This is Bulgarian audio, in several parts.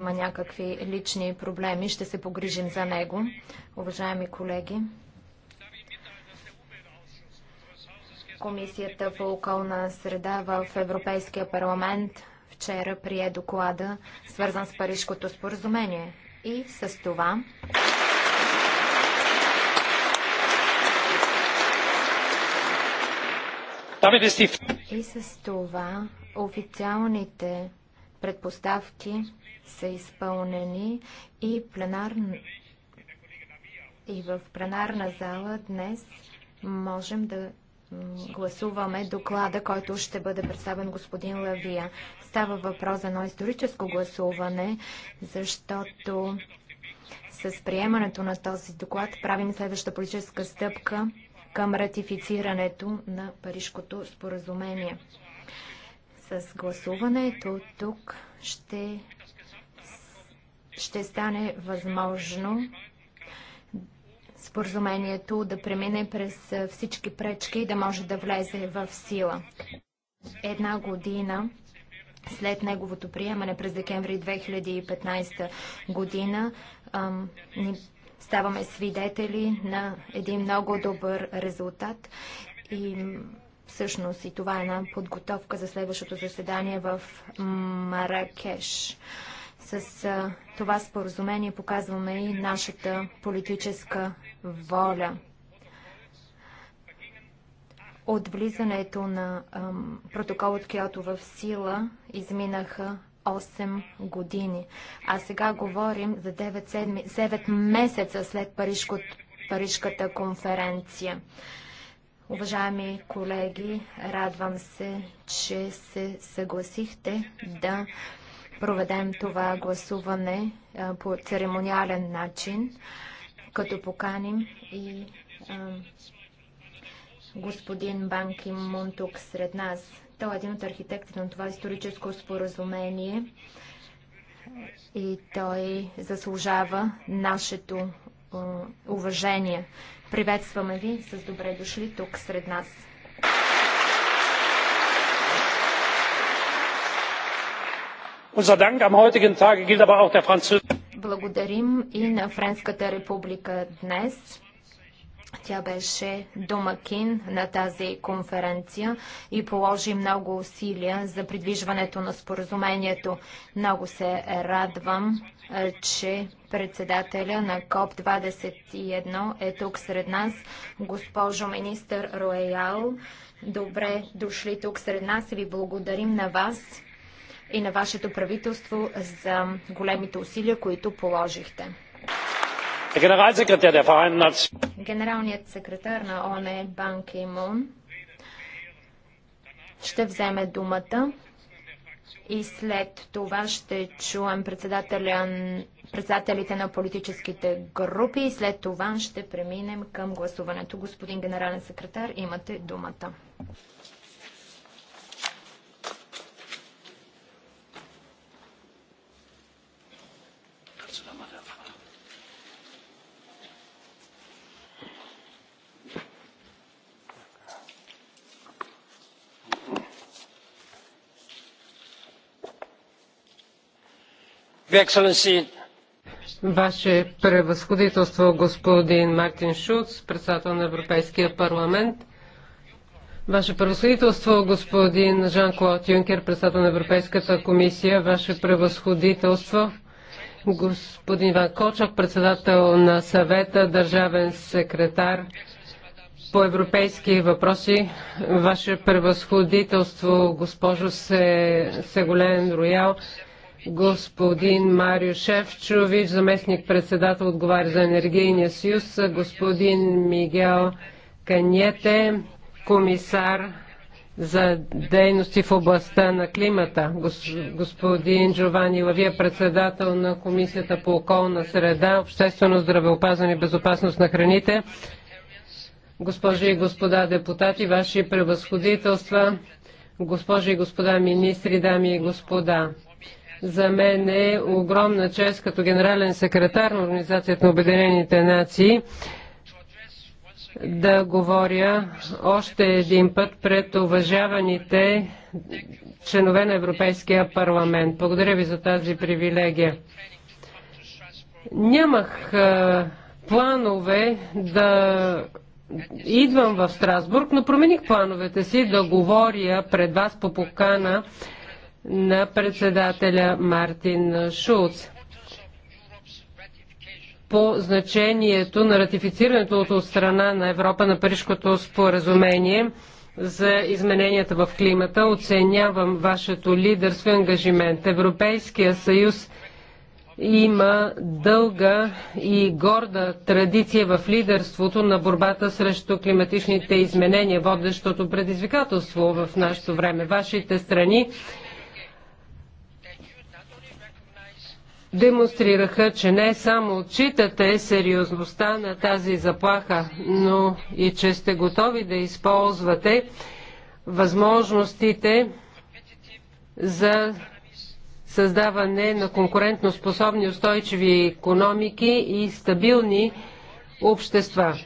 има някакви лични проблеми, ще се погрижим за него. Уважаеми колеги, Комисията по околна среда в Европейския парламент вчера прие доклада, свързан с Парижкото споразумение. И с това И с това официалните предпоставки са изпълнени и, пленар... и в пленарна зала днес можем да гласуваме доклада, който ще бъде представен господин Лавия. Става въпрос за едно историческо гласуване, защото с приемането на този доклад правим следваща политическа стъпка към ратифицирането на Парижкото споразумение. С гласуването тук ще, ще стане възможно споразумението да премине през всички пречки и да може да влезе в сила. Една година след неговото приемане през декември 2015 година ам, ни ставаме свидетели на един много добър резултат и Всъщност и това е една подготовка за следващото заседание в Маракеш. С а, това споразумение показваме и нашата политическа воля. От влизането на ам, протокол от Киото в сила изминаха 8 години. А сега говорим за 9, седми, 9 месеца след Парижко, Парижката конференция. Уважаеми колеги, радвам се, че се съгласихте да проведем това гласуване по церемониален начин, като поканим и господин Банки Мун тук сред нас. Той е един от архитектите на това историческо споразумение и той заслужава нашето уважение. Приветстваме ви с добре дошли тук сред нас. Благодарим и на Френската република днес. Тя беше домакин на тази конференция и положи много усилия за придвижването на споразумението. Много се радвам, че председателя на КОП-21 е тук сред нас, госпожо министър Роял. Добре дошли тук сред нас и ви благодарим на вас и на вашето правителство за големите усилия, които положихте. Генералният секретар на ОНЕ Бан Ки Мун ще вземе думата и след това ще чуем председателите на политическите групи и след това ще преминем към гласуването. Господин генерален секретар, имате думата. Ваше превъзходителство, господин Мартин Шуц, председател на Европейския парламент. Ваше превъзходителство, господин Жан-Клод Юнкер, председател на Европейската комисия. Ваше превъзходителство, господин Иван Кочак, председател на съвета, държавен секретар по европейски въпроси. Ваше превъзходителство, госпожо Сеголен Роял, господин Марио Шефчович, заместник-председател отговаря за Енергийния съюз, господин Мигел Каньете, комисар за дейности в областта на климата, господин Джовани Лавия, председател на Комисията по околна среда, обществено здравеопазване и безопасност на храните, госпожи и господа депутати, ваши превъзходителства, госпожи и господа министри, дами и господа. За мен е огромна чест като генерален секретар на Организацията на Обединените нации да говоря още един път пред уважаваните членове на Европейския парламент. Благодаря ви за тази привилегия. Нямах планове да идвам в Страсбург, но промених плановете си да говоря пред вас по покана на председателя Мартин Шулц по значението на ратифицирането от страна на Европа на Парижското споразумение за измененията в климата. Оценявам вашето лидерство и ангажимент. Европейския съюз има дълга и горда традиция в лидерството на борбата срещу климатичните изменения, водещото предизвикателство в нашето време. Вашите страни демонстрираха, че не само отчитате сериозността на тази заплаха, но и че сте готови да използвате възможностите за създаване на конкурентно способни, устойчиви економики и стабилни общества.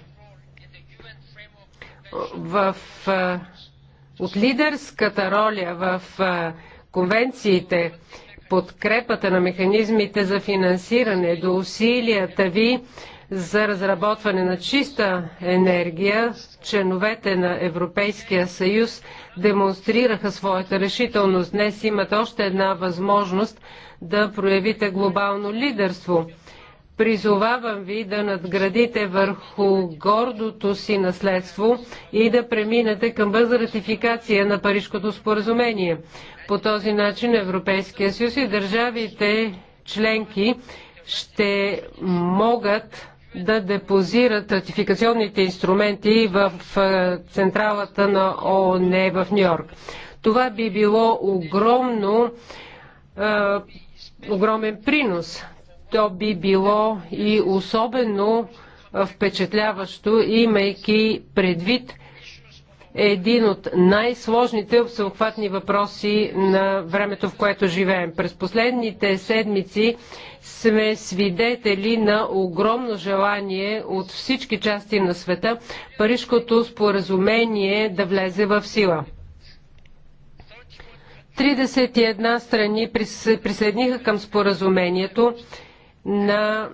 В, от лидерската роля в конвенциите подкрепата на механизмите за финансиране, до усилията ви за разработване на чиста енергия, членовете на Европейския съюз демонстрираха своята решителност. Днес имат още една възможност да проявите глобално лидерство. Призовавам ви да надградите върху гордото си наследство и да преминете към възратификация на Парижкото споразумение. По този начин Европейския съюз и държавите членки ще могат да депозират ратификационните инструменти в централата на ООН в Нью Йорк. Това би било огромно, е, огромен принос. То би било и особено впечатляващо, имайки предвид е един от най-сложните обсъхватни въпроси на времето, в което живеем. През последните седмици сме свидетели на огромно желание от всички части на света Парижкото споразумение да влезе в сила. 31 страни присъединиха към споразумението на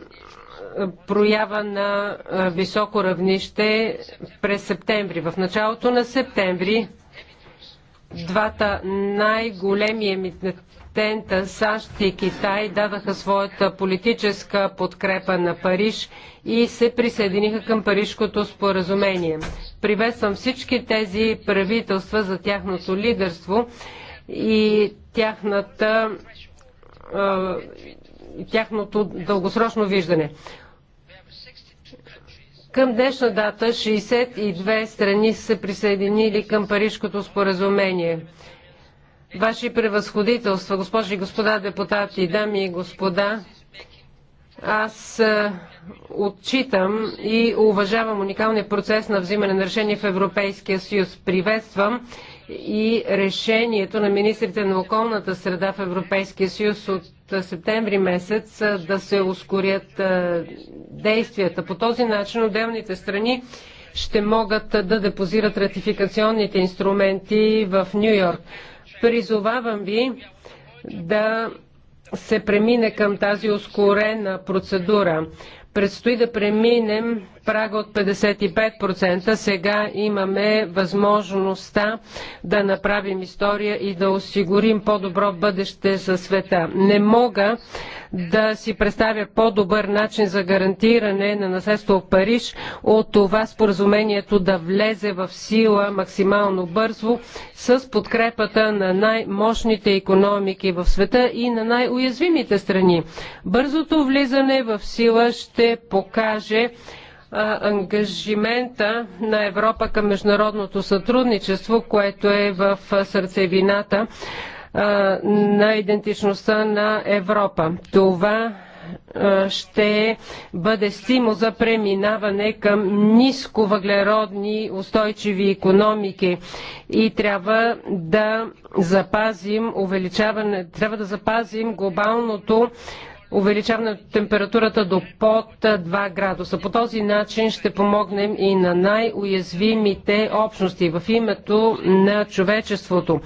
проява на високо равнище през септември. В началото на септември двата най-големи емитента САЩ и Китай дадаха своята политическа подкрепа на Париж и се присъединиха към Парижкото споразумение. Приветствам всички тези правителства за тяхното лидерство и тяхната тяхното дългосрочно виждане. Към днешна дата 62 страни са се присъединили към Парижкото споразумение. Ваши превъзходителства, госпожи и господа депутати, дами и господа, аз отчитам и уважавам уникалния процес на взимане на решение в Европейския съюз. Приветствам и решението на министрите на околната среда в Европейския съюз от септември месец да се ускорят действията. По този начин отделните страни ще могат да депозират ратификационните инструменти в Нью Йорк. Призовавам ви да се премине към тази ускорена процедура. Предстои да преминем прага от 55%. Сега имаме възможността да направим история и да осигурим по-добро бъдеще за света. Не мога да си представя по-добър начин за гарантиране на наследство в Париж от това споразумението да влезе в сила максимално бързо с подкрепата на най-мощните економики в света и на най-уязвимите страни. Бързото влизане в сила ще покаже ангажимента на Европа към международното сътрудничество, което е в сърцевината на идентичността на Европа. Това ще бъде стимул за преминаване към ниско въглеродни устойчиви економики и трябва да запазим увеличаване, трябва да запазим глобалното увеличаване на температурата до под 2 градуса. По този начин ще помогнем и на най-уязвимите общности в името на човечеството.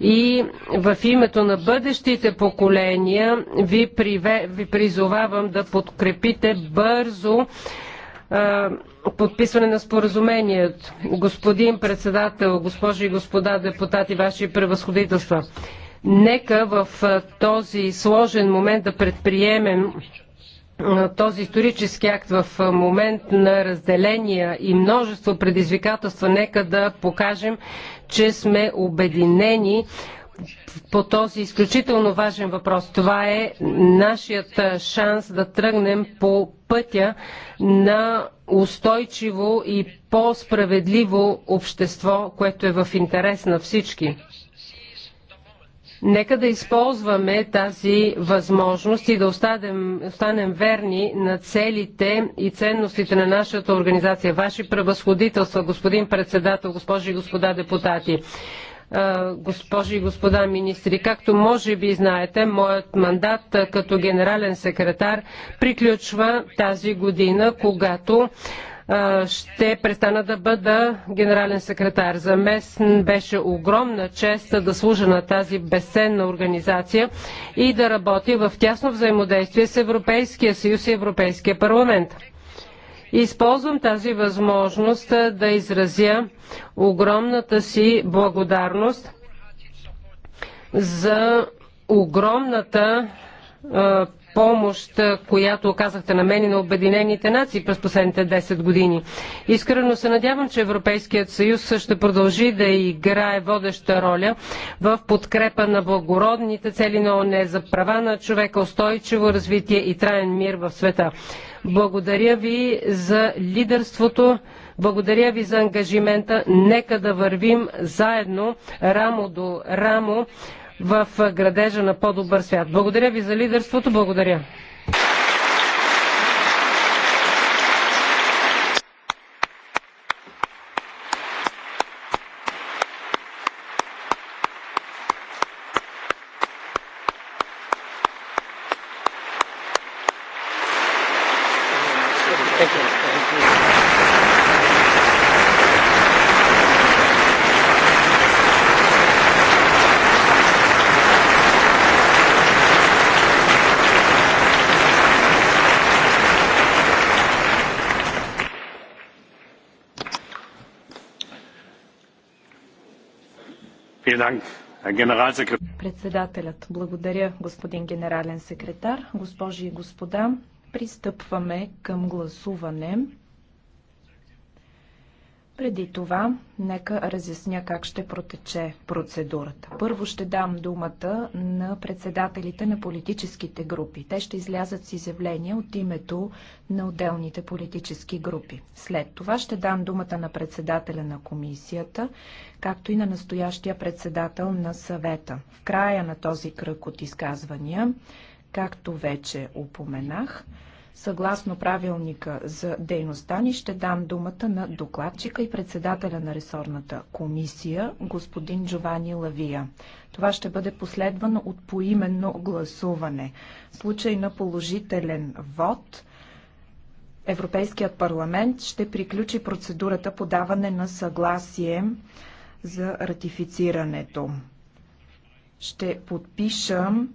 И в името на бъдещите поколения ви, приве, ви призовавам да подкрепите бързо подписване на споразумението. Господин председател, госпожи и господа депутати, ваши превъзходителства, Нека в този сложен момент да предприемем този исторически акт в момент на разделения и множество предизвикателства, нека да покажем, че сме обединени по този изключително важен въпрос. Това е нашият шанс да тръгнем по пътя на устойчиво и по-справедливо общество, което е в интерес на всички. Нека да използваме тази възможност и да останем, останем верни на целите и ценностите на нашата организация. Ваши превъзходителства, господин председател, госпожи и господа депутати госпожи и господа министри. Както може би знаете, моят мандат като генерален секретар приключва тази година, когато ще престана да бъда генерален секретар. За мен беше огромна чест да служа на тази безценна организация и да работя в тясно взаимодействие с Европейския съюз и Европейския парламент. Използвам тази възможност да изразя огромната си благодарност за огромната помощ, която оказахте на мен и на Обединените нации през последните 10 години. Искрено се надявам, че Европейският съюз ще продължи да играе водеща роля в подкрепа на благородните цели на ОНЕ за права на човека, устойчиво развитие и траен мир в света. Благодаря ви за лидерството, благодаря ви за ангажимента. Нека да вървим заедно, рамо до рамо в градежа на по-добър свят. Благодаря ви за лидерството. Благодаря. Председателят, благодаря господин генерален секретар, госпожи и господа. Пристъпваме към гласуване. Преди това, нека разясня как ще протече процедурата. Първо ще дам думата на председателите на политическите групи. Те ще излязат с изявления от името на отделните политически групи. След това ще дам думата на председателя на комисията, както и на настоящия председател на съвета. В края на този кръг от изказвания, както вече упоменах, Съгласно правилника за дейността ни ще дам думата на докладчика и председателя на ресорната комисия, господин Джовани Лавия. Това ще бъде последвано от поименно гласуване. В случай на положителен вод, Европейският парламент ще приключи процедурата по даване на съгласие за ратифицирането. Ще подпишам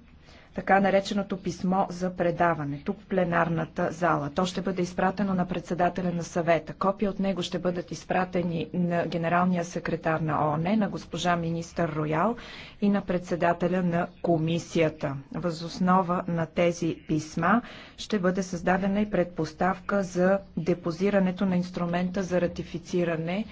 така нареченото писмо за предаване тук в пленарната зала. То ще бъде изпратено на председателя на съвета. Копия от него ще бъдат изпратени на генералния секретар на ООН, на госпожа министър Роял и на председателя на комисията. Възоснова на тези писма ще бъде създадена и предпоставка за депозирането на инструмента за ратифициране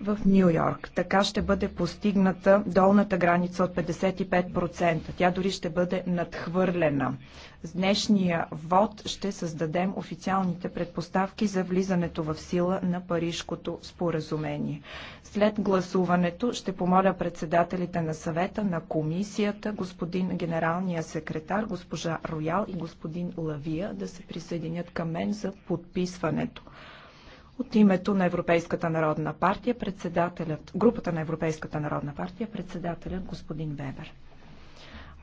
в Нью Йорк. Така ще бъде постигната долната граница от 55%. Тя дори ще бъде надхвърлена. С днешния вод ще създадем официалните предпоставки за влизането в сила на Парижкото споразумение. След гласуването ще помоля председателите на съвета, на комисията, господин генералния секретар, госпожа Роял и господин Лавия да се присъединят към мен за подписването. От името на Европейската народна партия председателят, групата на Европейската народна партия председателят господин Вебер.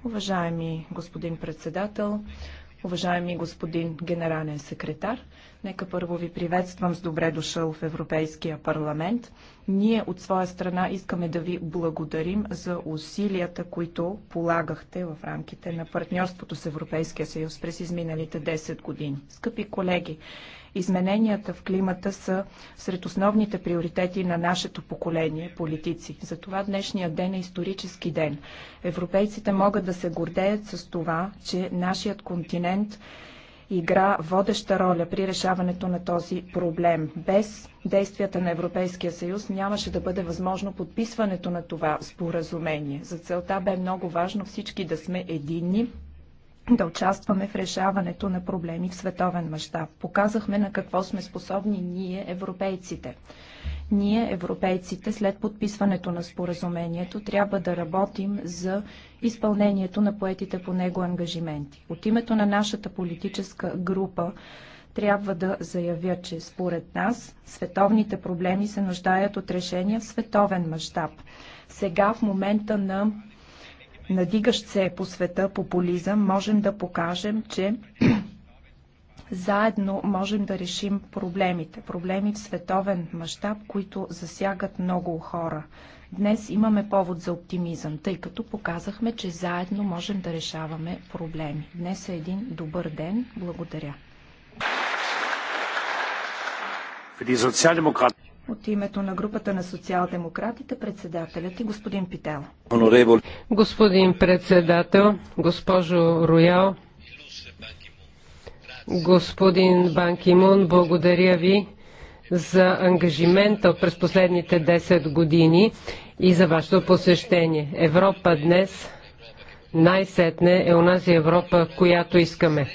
Уважаеми господин председател, уважаеми господин генерален секретар, нека първо ви приветствам с добре дошъл в Европейския парламент. Ние от своя страна искаме да ви благодарим за усилията, които полагахте в рамките на партньорството с Европейския съюз през изминалите 10 години. Скъпи колеги, Измененията в климата са сред основните приоритети на нашето поколение политици. Затова днешният ден е исторически ден. Европейците могат да се гордеят с това, че нашият континент игра водеща роля при решаването на този проблем. Без действията на Европейския съюз нямаше да бъде възможно подписването на това споразумение. За целта бе много важно всички да сме единни да участваме в решаването на проблеми в световен мащаб. Показахме на какво сме способни ние, европейците. Ние, европейците, след подписването на споразумението, трябва да работим за изпълнението на поетите по него ангажименти. От името на нашата политическа група трябва да заявя, че според нас световните проблеми се нуждаят от решения в световен мащаб. Сега, в момента на надигащ се е по света популизъм, можем да покажем, че заедно можем да решим проблемите. Проблеми в световен мащаб, които засягат много хора. Днес имаме повод за оптимизъм, тъй като показахме, че заедно можем да решаваме проблеми. Днес е един добър ден. Благодаря. От името на групата на социал-демократите, председателят и е господин Пител. Господин председател, госпожо Роял, господин Банкимун, благодаря ви за ангажимента през последните 10 години и за вашето посещение. Европа днес най-сетне е унази Европа, която искаме.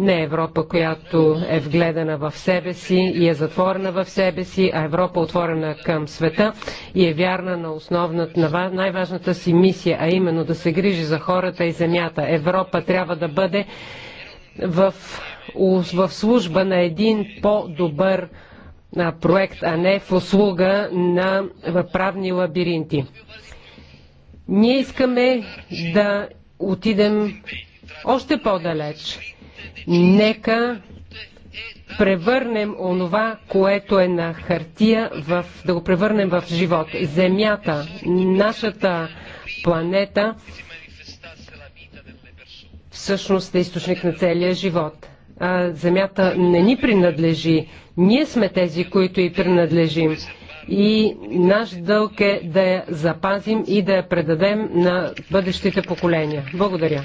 Не е Европа, която е вгледана в себе си и е затворена в себе си, а Европа е отворена към света и е вярна на основната, на най-важната си мисия, а именно да се грижи за хората и земята. Европа трябва да бъде в, в служба на един по-добър проект, а не в услуга на правни лабиринти. Ние искаме да отидем още по-далеч. Нека превърнем онова, което е на хартия, в, да го превърнем в живот. Земята, нашата планета, всъщност е източник на целия живот. земята не ни принадлежи. Ние сме тези, които и принадлежим. И наш дълг е да я запазим и да я предадем на бъдещите поколения. Благодаря.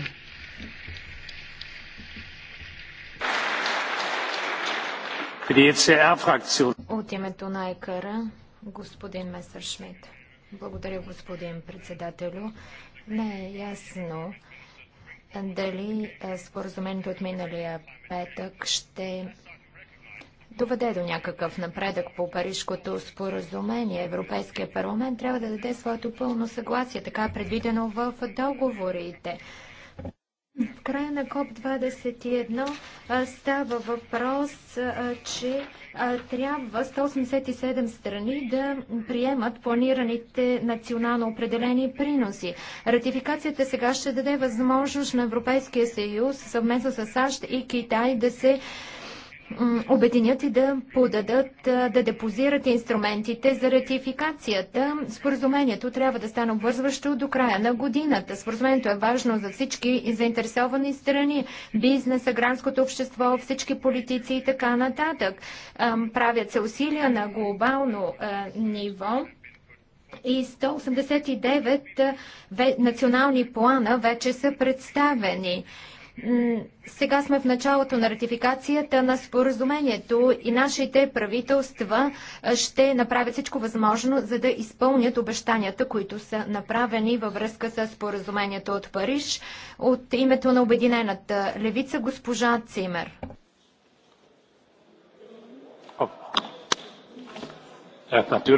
От името на ЕКР, господин Месършмит. Благодаря, господин председателю. Не е ясно дали е, споразумението от миналия петък ще доведе до някакъв напредък по Парижкото споразумение. Европейския парламент трябва да даде своето пълно съгласие, така е предвидено в договорите. В края на КОП-21 става въпрос, че трябва 187 страни да приемат планираните национално определени приноси. Ратификацията сега ще даде възможност на Европейския съюз съвместно с САЩ и Китай да се обединят и да подадат, да депозират инструментите за ратификацията. Споразумението трябва да стане обвързващо до края на годината. Споразумението е важно за всички заинтересовани страни, бизнеса, гранското общество, всички политици и така нататък. Правят се усилия на глобално ниво и 189 национални плана вече са представени. Сега сме в началото на ратификацията на споразумението и нашите правителства ще направят всичко възможно, за да изпълнят обещанията, които са направени във връзка с споразумението от Париж. От името на Обединената левица госпожа Цимер. Е,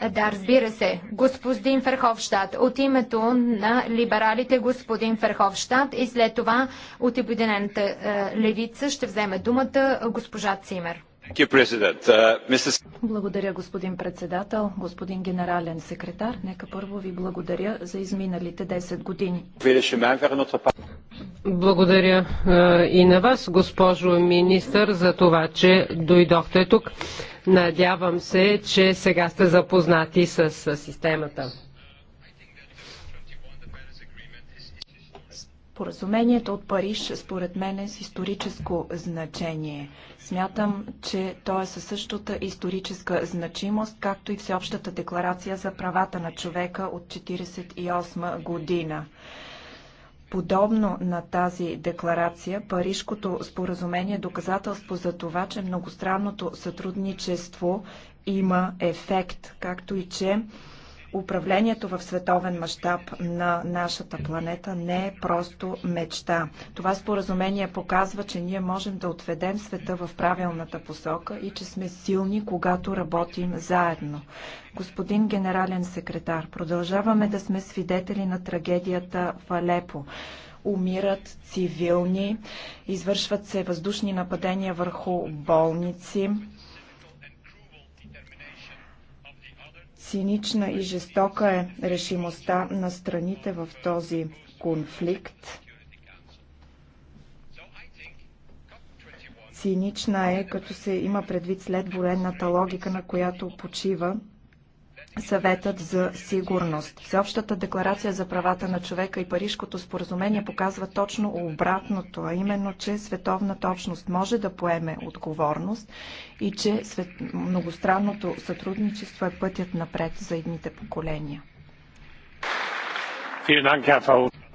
е, да, разбира се. Господин Ферховщад, от името на либералите господин Ферховщад и след това от Обединената е, левица ще вземе думата госпожа Цимер. Uh, благодаря, господин председател, господин генерален секретар. Нека първо ви благодаря за изминалите 10 години. Благодаря е, и на вас, госпожо министър, за това, че дойдохте тук. Надявам се, че сега сте запознати с системата. Поразумението от Париж, според мен, е с историческо значение. Смятам, че то е със същата историческа значимост, както и Всеобщата декларация за правата на човека от 1948 година. Подобно на тази декларация, Парижкото споразумение е доказателство за това, че многостранното сътрудничество има ефект, както и че управлението в световен мащаб на нашата планета не е просто мечта. Това споразумение показва, че ние можем да отведем света в правилната посока и че сме силни, когато работим заедно. Господин генерален секретар, продължаваме да сме свидетели на трагедията в Алепо умират цивилни, извършват се въздушни нападения върху болници, Цинична и жестока е решимостта на страните в този конфликт. Цинична е, като се има предвид след военната логика, на която почива Съветът за сигурност. Всеобщата декларация за правата на човека и Парижкото споразумение показва точно обратното, а именно, че световната общност може да поеме отговорност и че свет... многостранното сътрудничество е пътят напред за едните поколения.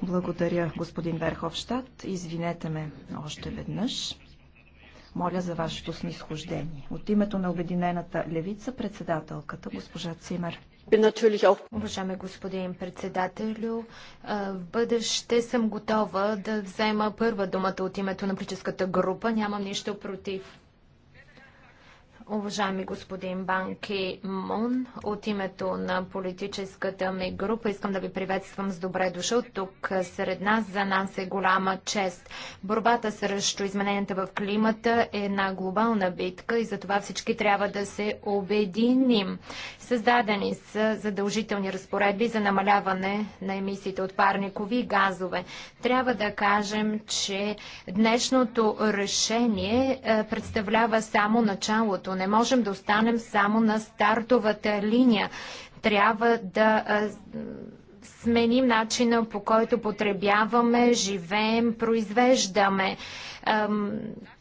Благодаря, господин Верховщад. Извинете ме още веднъж. Моля за вашето снисхождение. От името на Обединената левица, председателката госпожа Цимер. Уважаеми господин председателю, в бъдеще съм готова да взема първа думата от името на политическата група. Нямам нищо против Уважаеми господин Банки Мун, от името на политическата ми група искам да ви приветствам с добре дошъл тук сред нас. За нас е голяма чест. Борбата срещу измененията в климата е една глобална битка и затова всички трябва да се обединим. Създадени са задължителни разпоредби за намаляване на емисиите от парникови газове. Трябва да кажем, че днешното решение е, представлява само началото защото Не можем да останем само на стартовата линия. Трябва да сменим начина по който потребяваме, живеем, произвеждаме.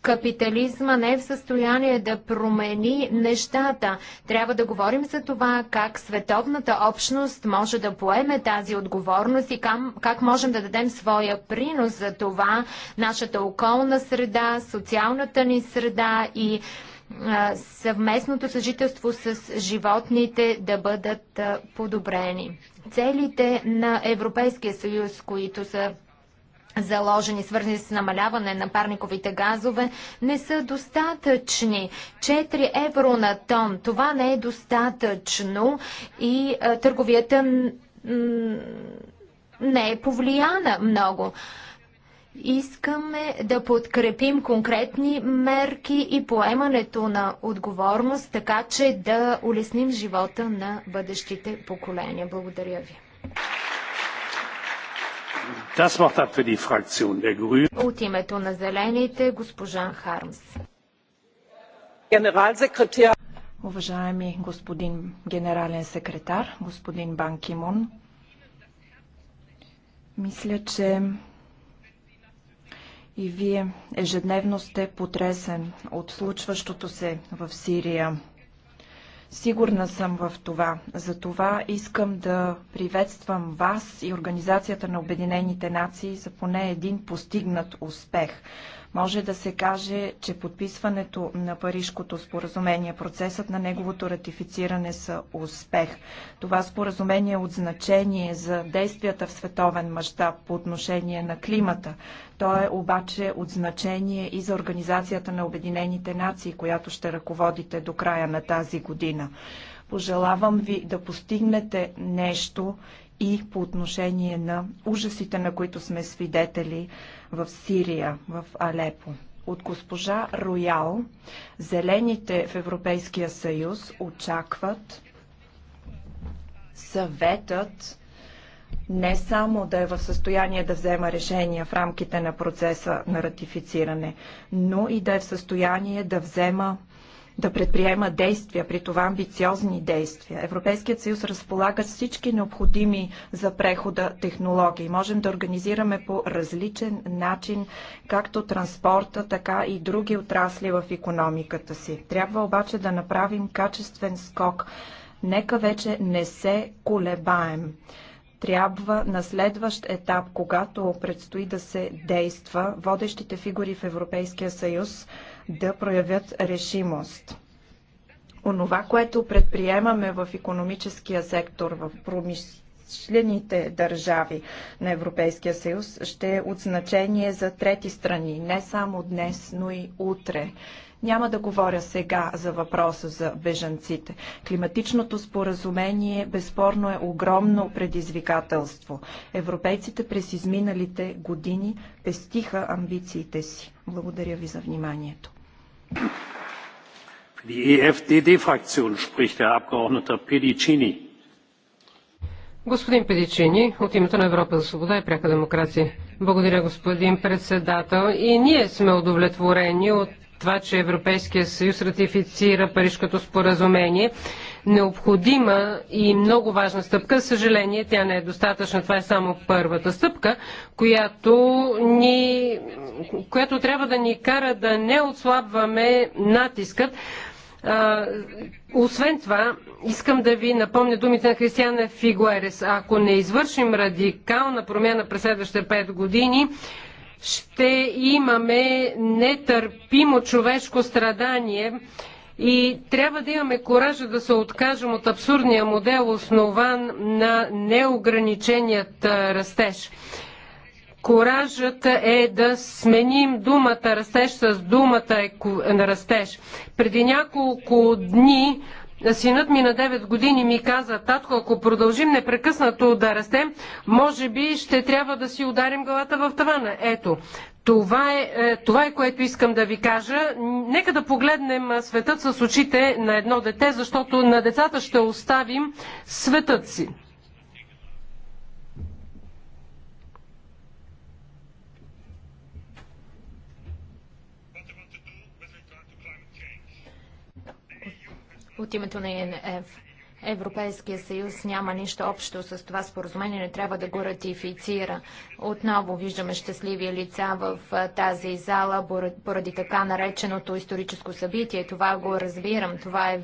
Капитализма не е в състояние да промени нещата. Трябва да говорим за това как световната общност може да поеме тази отговорност и как, как можем да дадем своя принос за това нашата околна среда, социалната ни среда и съвместното съжителство с животните да бъдат подобрени. Целите на Европейския съюз, които са заложени, свързани с намаляване на парниковите газове, не са достатъчни. 4 евро на тон, това не е достатъчно и търговията не е повлияна много. Искаме да подкрепим конкретни мерки и поемането на отговорност, така че да улесним живота на бъдещите поколения. Благодаря ви. От името на зелените, госпожа Хармс. Уважаеми господин генерален секретар, господин Бан Кимон, мисля, че и вие ежедневно сте потресен от случващото се в Сирия. Сигурна съм в това. Затова искам да приветствам вас и Организацията на Обединените нации за поне един постигнат успех. Може да се каже, че подписването на Парижкото споразумение, процесът на неговото ратифициране са успех. Това споразумение е от значение за действията в световен мащаб по отношение на климата. То е обаче от значение и за Организацията на Обединените нации, която ще ръководите до края на тази година. Пожелавам ви да постигнете нещо и по отношение на ужасите, на които сме свидетели в Сирия, в Алепо. От госпожа Роял, зелените в Европейския съюз очакват съветът не само да е в състояние да взема решения в рамките на процеса на ратифициране, но и да е в състояние да взема да предприема действия, при това амбициозни действия. Европейският съюз разполага всички необходими за прехода технологии. Можем да организираме по различен начин както транспорта, така и други отрасли в економиката си. Трябва обаче да направим качествен скок. Нека вече не се колебаем трябва на следващ етап, когато предстои да се действа, водещите фигури в Европейския съюз да проявят решимост. Онова, което предприемаме в економическия сектор, в промишлените държави на Европейския съюз ще е от значение за трети страни, не само днес, но и утре. Няма да говоря сега за въпроса за бежанците. Климатичното споразумение безспорно е огромно предизвикателство. Европейците през изминалите години пестиха амбициите си. Благодаря ви за вниманието. E господин Педичини, от името на Европа за свобода и пряка демокрация. Благодаря, господин председател. И ние сме удовлетворени от това, че Европейския съюз ратифицира Парижкото споразумение необходима и много важна стъпка. Съжаление, тя не е достатъчна. Това е само първата стъпка, която, ни, която трябва да ни кара да не отслабваме натискът. А, освен това, искам да ви напомня думите на Християна Фигуерес. Ако не извършим радикална промяна през следващите 5 години, ще имаме нетърпимо човешко страдание и трябва да имаме коража да се откажем от абсурдния модел, основан на неограниченият растеж. Коражът е да сменим думата растеж с думата на растеж. Преди няколко дни Синът ми на 9 години ми каза, татко, ако продължим непрекъснато да растем, може би ще трябва да си ударим главата в тавана. Ето, това е, е, това е което искам да ви кажа. Нека да погледнем светът с очите на едно дете, защото на децата ще оставим светът си. От името на ЕНФ. Европейския съюз няма нищо общо с това споразумение, не трябва да го ратифицира. Отново виждаме щастливи лица в тази зала поради така нареченото историческо събитие. Това го разбирам. Това е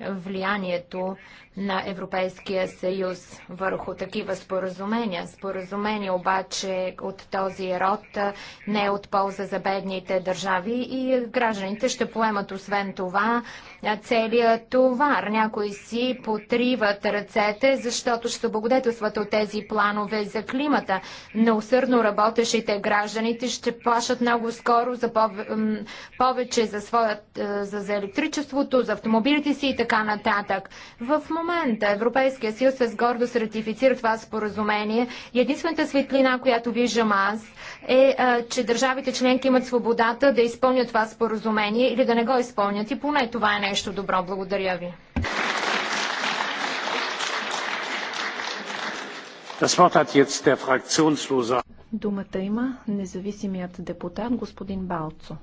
влиянието на Европейския съюз върху такива споразумения. Споразумения обаче от този род не е от полза за бедните държави и гражданите ще поемат освен това целият товар. Някои си потриват ръцете, защото ще благодетелстват от тези планове за климата. Но усърдно работещите гражданите ще плащат много скоро за повече за, своят, е, за електричеството, за автомобилите си и така така нататък. В момента Европейския съюз е с гордост ратифицира това споразумение и единствената светлина, която виждам аз, е, че държавите членки имат свободата да изпълнят това споразумение или да не го изпълнят. И поне това е нещо добро. Благодаря ви. Думата има независимият депутат господин Балцо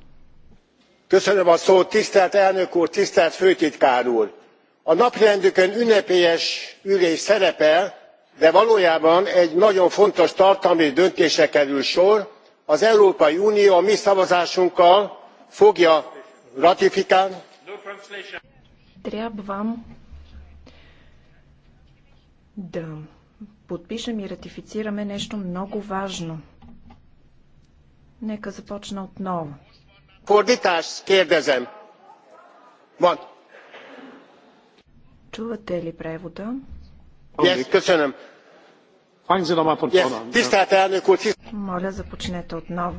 tisztelt elnök úr tisztelt főtitkár úr! a napirendünkön ünnepélyes ülés szerepel de valójában egy nagyon fontos tartalmi döntésre kerül sor az európai unió a mi szavazásunkkal fogja ratifikálni подпишем и ратифицираме нещо много важно. Нека започна отново. Fordítást kérdezem. Van. Чувате ли превода? Yes, köszönöm. Моля, започнете отново.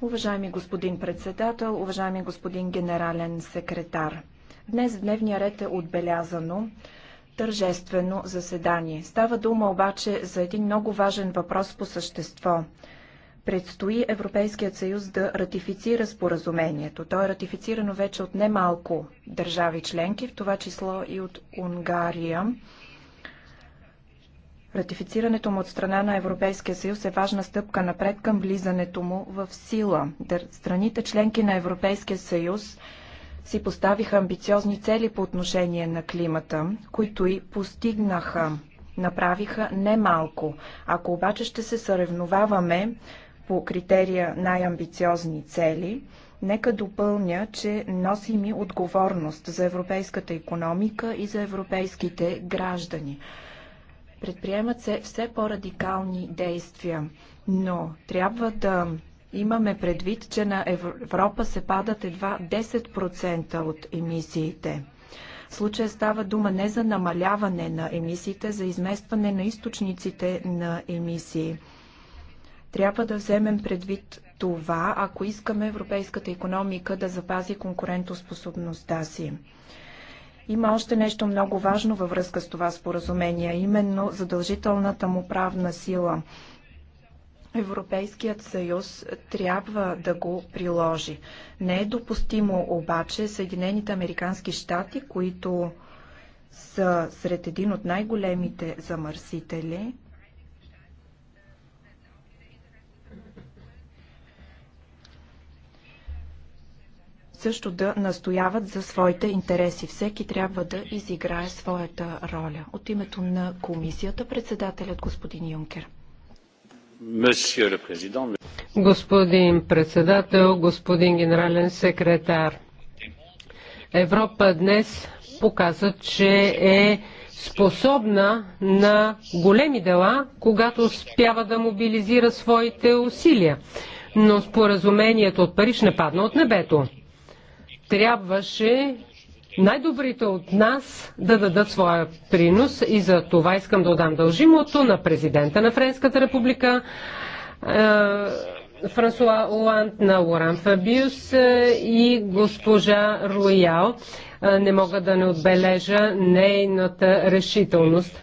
Уважаеми господин председател, уважаеми господин генерален секретар, днес в дневния ред е отбелязано тържествено заседание. Става дума обаче за един много важен въпрос по същество – Предстои Европейският съюз да ратифицира споразумението. То е ратифицирано вече от немалко държави членки, в това число и от Унгария. Ратифицирането му от страна на Европейския съюз е важна стъпка напред към влизането му в сила. Страните членки на Европейския съюз си поставиха амбициозни цели по отношение на климата, които и постигнаха. Направиха немалко. Ако обаче ще се съревноваваме по критерия най-амбициозни цели, нека допълня, че носим и отговорност за европейската економика и за европейските граждани. Предприемат се все по-радикални действия, но трябва да имаме предвид, че на Европа се падат едва 10% от емисиите. В случая става дума не за намаляване на емисиите, за изместване на източниците на емисии. Трябва да вземем предвид това, ако искаме европейската економика да запази конкурентоспособността си. Има още нещо много важно във връзка с това споразумение, именно задължителната му правна сила. Европейският съюз трябва да го приложи. Не е допустимо обаче Съединените Американски щати, които са сред един от най-големите замърсители, също да настояват за своите интереси. Всеки трябва да изиграе своята роля. От името на комисията председателят господин Юнкер. Господин председател, господин генерален секретар, Европа днес показа, че е способна на големи дела, когато успява да мобилизира своите усилия. Но споразумението от Париж не падна от небето трябваше най-добрите от нас да дадат своя принос и за това искам да отдам дължимото на президента на Френската република е, Франсуа Оланд на Лоран Фабиус е, и госпожа Роял. Е, не мога да не отбележа нейната решителност.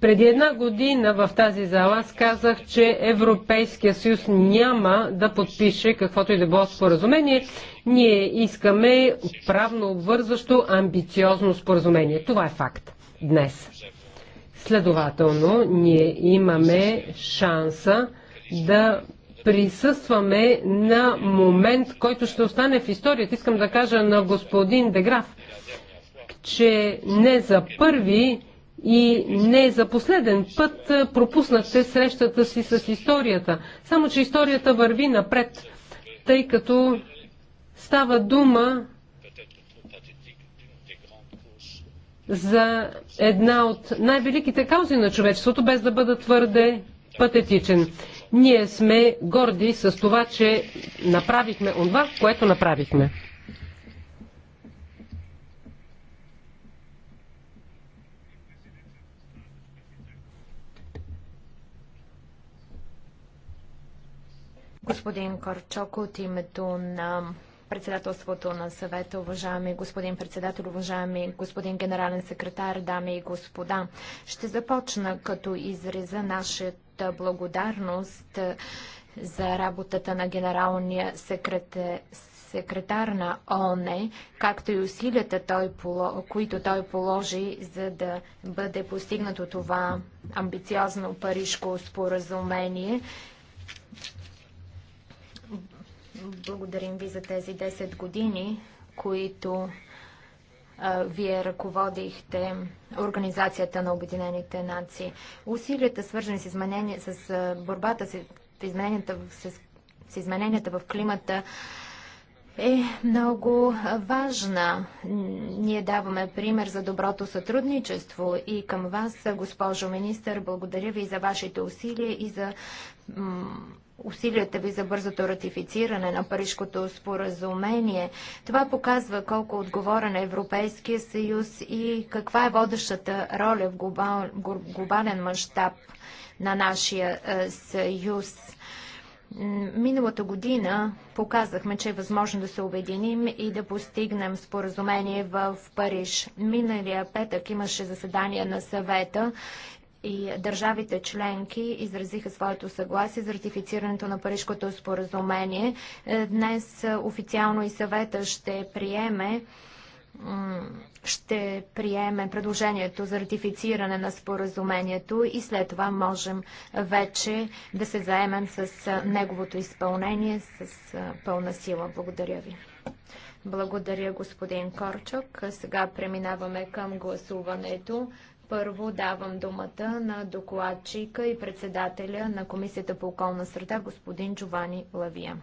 Преди една година в тази зала аз казах, че Европейския съюз няма да подпише каквото и да било споразумение. Ние искаме правно обвързващо амбициозно споразумение. Това е факт днес. Следователно, ние имаме шанса да присъстваме на момент, който ще остане в историята. Искам да кажа на господин Деграф, че не за първи и не за последен път пропуснахте срещата си с историята. Само, че историята върви напред, тъй като става дума за една от най-великите каузи на човечеството, без да бъда твърде патетичен. Ние сме горди с това, че направихме това, което направихме. Господин Корчок от името на председателството на съвета, уважаеми господин председател, уважаеми господин генерален секретар, дами и господа. Ще започна като изреза нашата благодарност е, за работата на генералния секретар секретар на ОНЕ, както и усилията, той, които той положи, за да бъде постигнато това амбициозно парижко споразумение Благодарим ви за тези 10 години, които а, вие ръководихте Организацията на Обединените нации. Усилията, свързани с, изменение, с а, борбата с, измененията, с, с измененията в климата, е много важна. Ние даваме пример за доброто сътрудничество и към вас, госпожо министър, благодаря ви за вашите усилия и за усилията ви за бързото ратифициране на Парижкото споразумение. Това показва колко отговорен е Европейския съюз и каква е водещата роля в глобален мащаб на нашия е, съюз. Миналата година показахме, че е възможно да се обединим и да постигнем споразумение в Париж. Миналия петък имаше заседание на съвета и държавите членки изразиха своето съгласие за ратифицирането на Парижкото споразумение. Е, днес е, официално и съвета ще приеме ще приеме предложението за ратифициране на споразумението и след това можем вече да се заемем с е, неговото изпълнение с пълна сила. Благодаря ви. Благодаря, господин Корчок. Сега преминаваме към гласуването. Първо давам думата на докладчика и председателя на Комисията по околна среда, господин Джовани Лавия.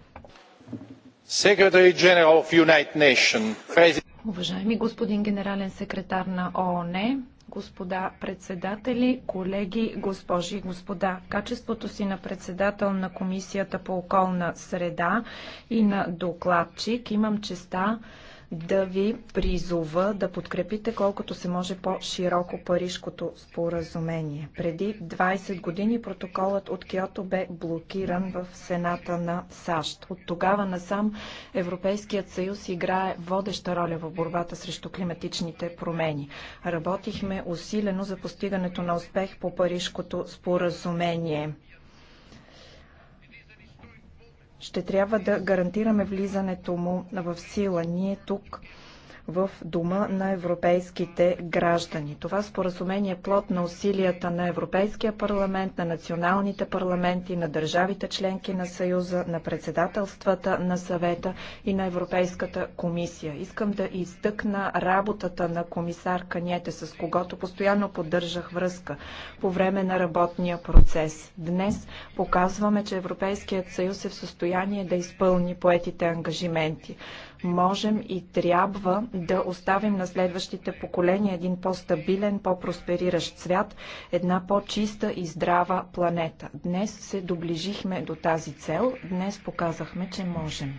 Уважаеми господин генерален секретар на ООН, господа председатели, колеги, госпожи и господа. В качеството си на председател на Комисията по околна среда и на докладчик имам честа да ви призова да подкрепите колкото се може по-широко Парижкото споразумение. Преди 20 години протоколът от Киото бе блокиран в Сената на САЩ. От тогава насам Европейският съюз играе водеща роля в борбата срещу климатичните промени. Работихме усилено за постигането на успех по Парижкото споразумение ще трябва да гарантираме влизането му в сила. Ние тук в Дома на европейските граждани. Това споразумение е плод на усилията на Европейския парламент, на националните парламенти, на държавите членки на Съюза, на председателствата на съвета и на Европейската комисия. Искам да изтъкна работата на комисар Каниете, с когото постоянно поддържах връзка по време на работния процес. Днес показваме, че Европейският съюз е в състояние да изпълни поетите ангажименти можем и трябва да оставим на следващите поколения един по-стабилен, по-проспериращ свят, една по-чиста и здрава планета. Днес се доближихме до тази цел, днес показахме, че можем.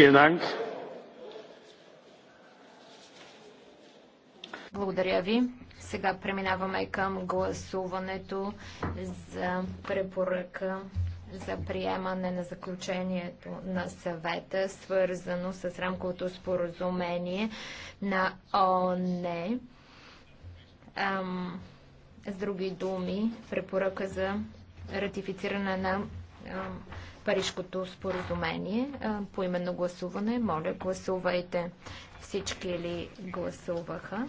Vielen Dank. Благодаря ви. Сега преминаваме към гласуването за препоръка за приемане на заключението на съвета, свързано с рамковото споразумение на ООН. с други думи, препоръка за ратифициране на Парижското Парижкото споразумение. по именно гласуване, моля, гласувайте. Всички ли гласуваха?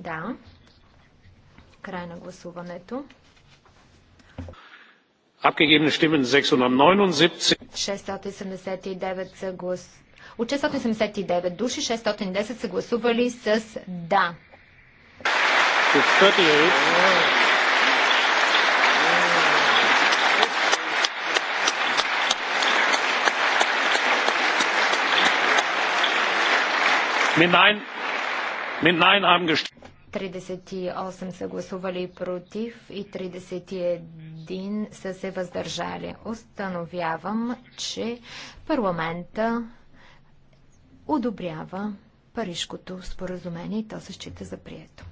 Да. Край на гласуването. Abgegebene Stimmen 679. 679 са глас... От 679 души 610 са гласували с да. Mit Nein, mit Nein haben gestimmt. 38 са гласували против и 31 са се въздържали. Установявам, че парламента одобрява Парижкото споразумение и то се счита за прието.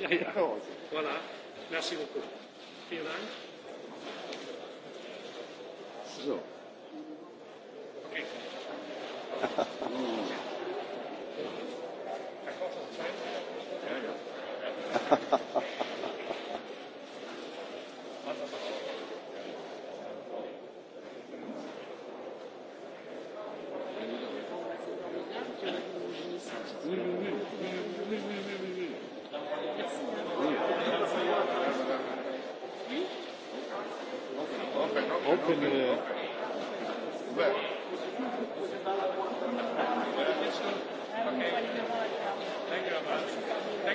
Ja, ja. Voilà. Merci beaucoup. Vielen Dank. So. Okay.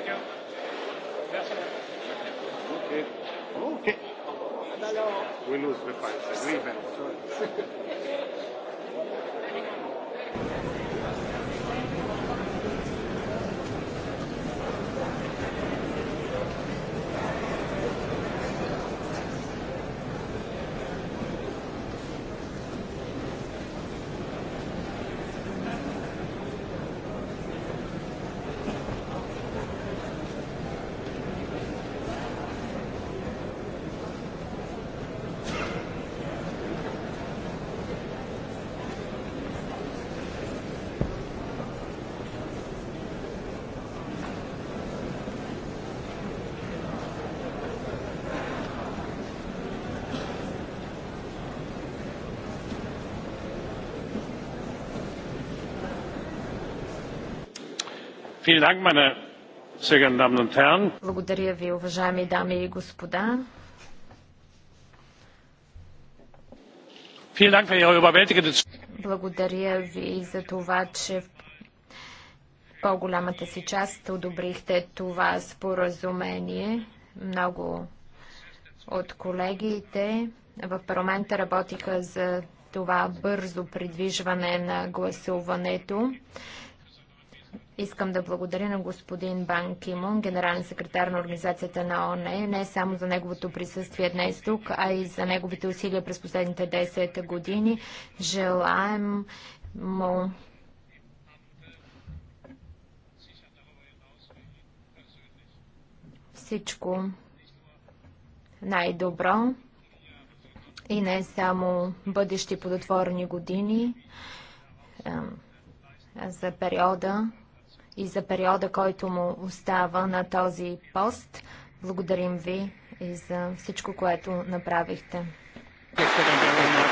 Okay. Okay. We lose the fight agreement. Благодаря ви, уважаеми дами и господа. Благодаря ви за това, че в по-голямата си част одобрихте това споразумение. Много от колегите в парламента работиха за това бързо придвижване на гласуването. Искам да благодаря на господин Бан Кимон, генерален секретар на Организацията на ООН, не само за неговото присъствие днес тук, а и за неговите усилия през последните 10 години. Желаем му всичко най-добро и не само бъдещи плодотворни години за периода, и за периода, който му остава на този пост. Благодарим ви и за всичко, което направихте. Благодаря.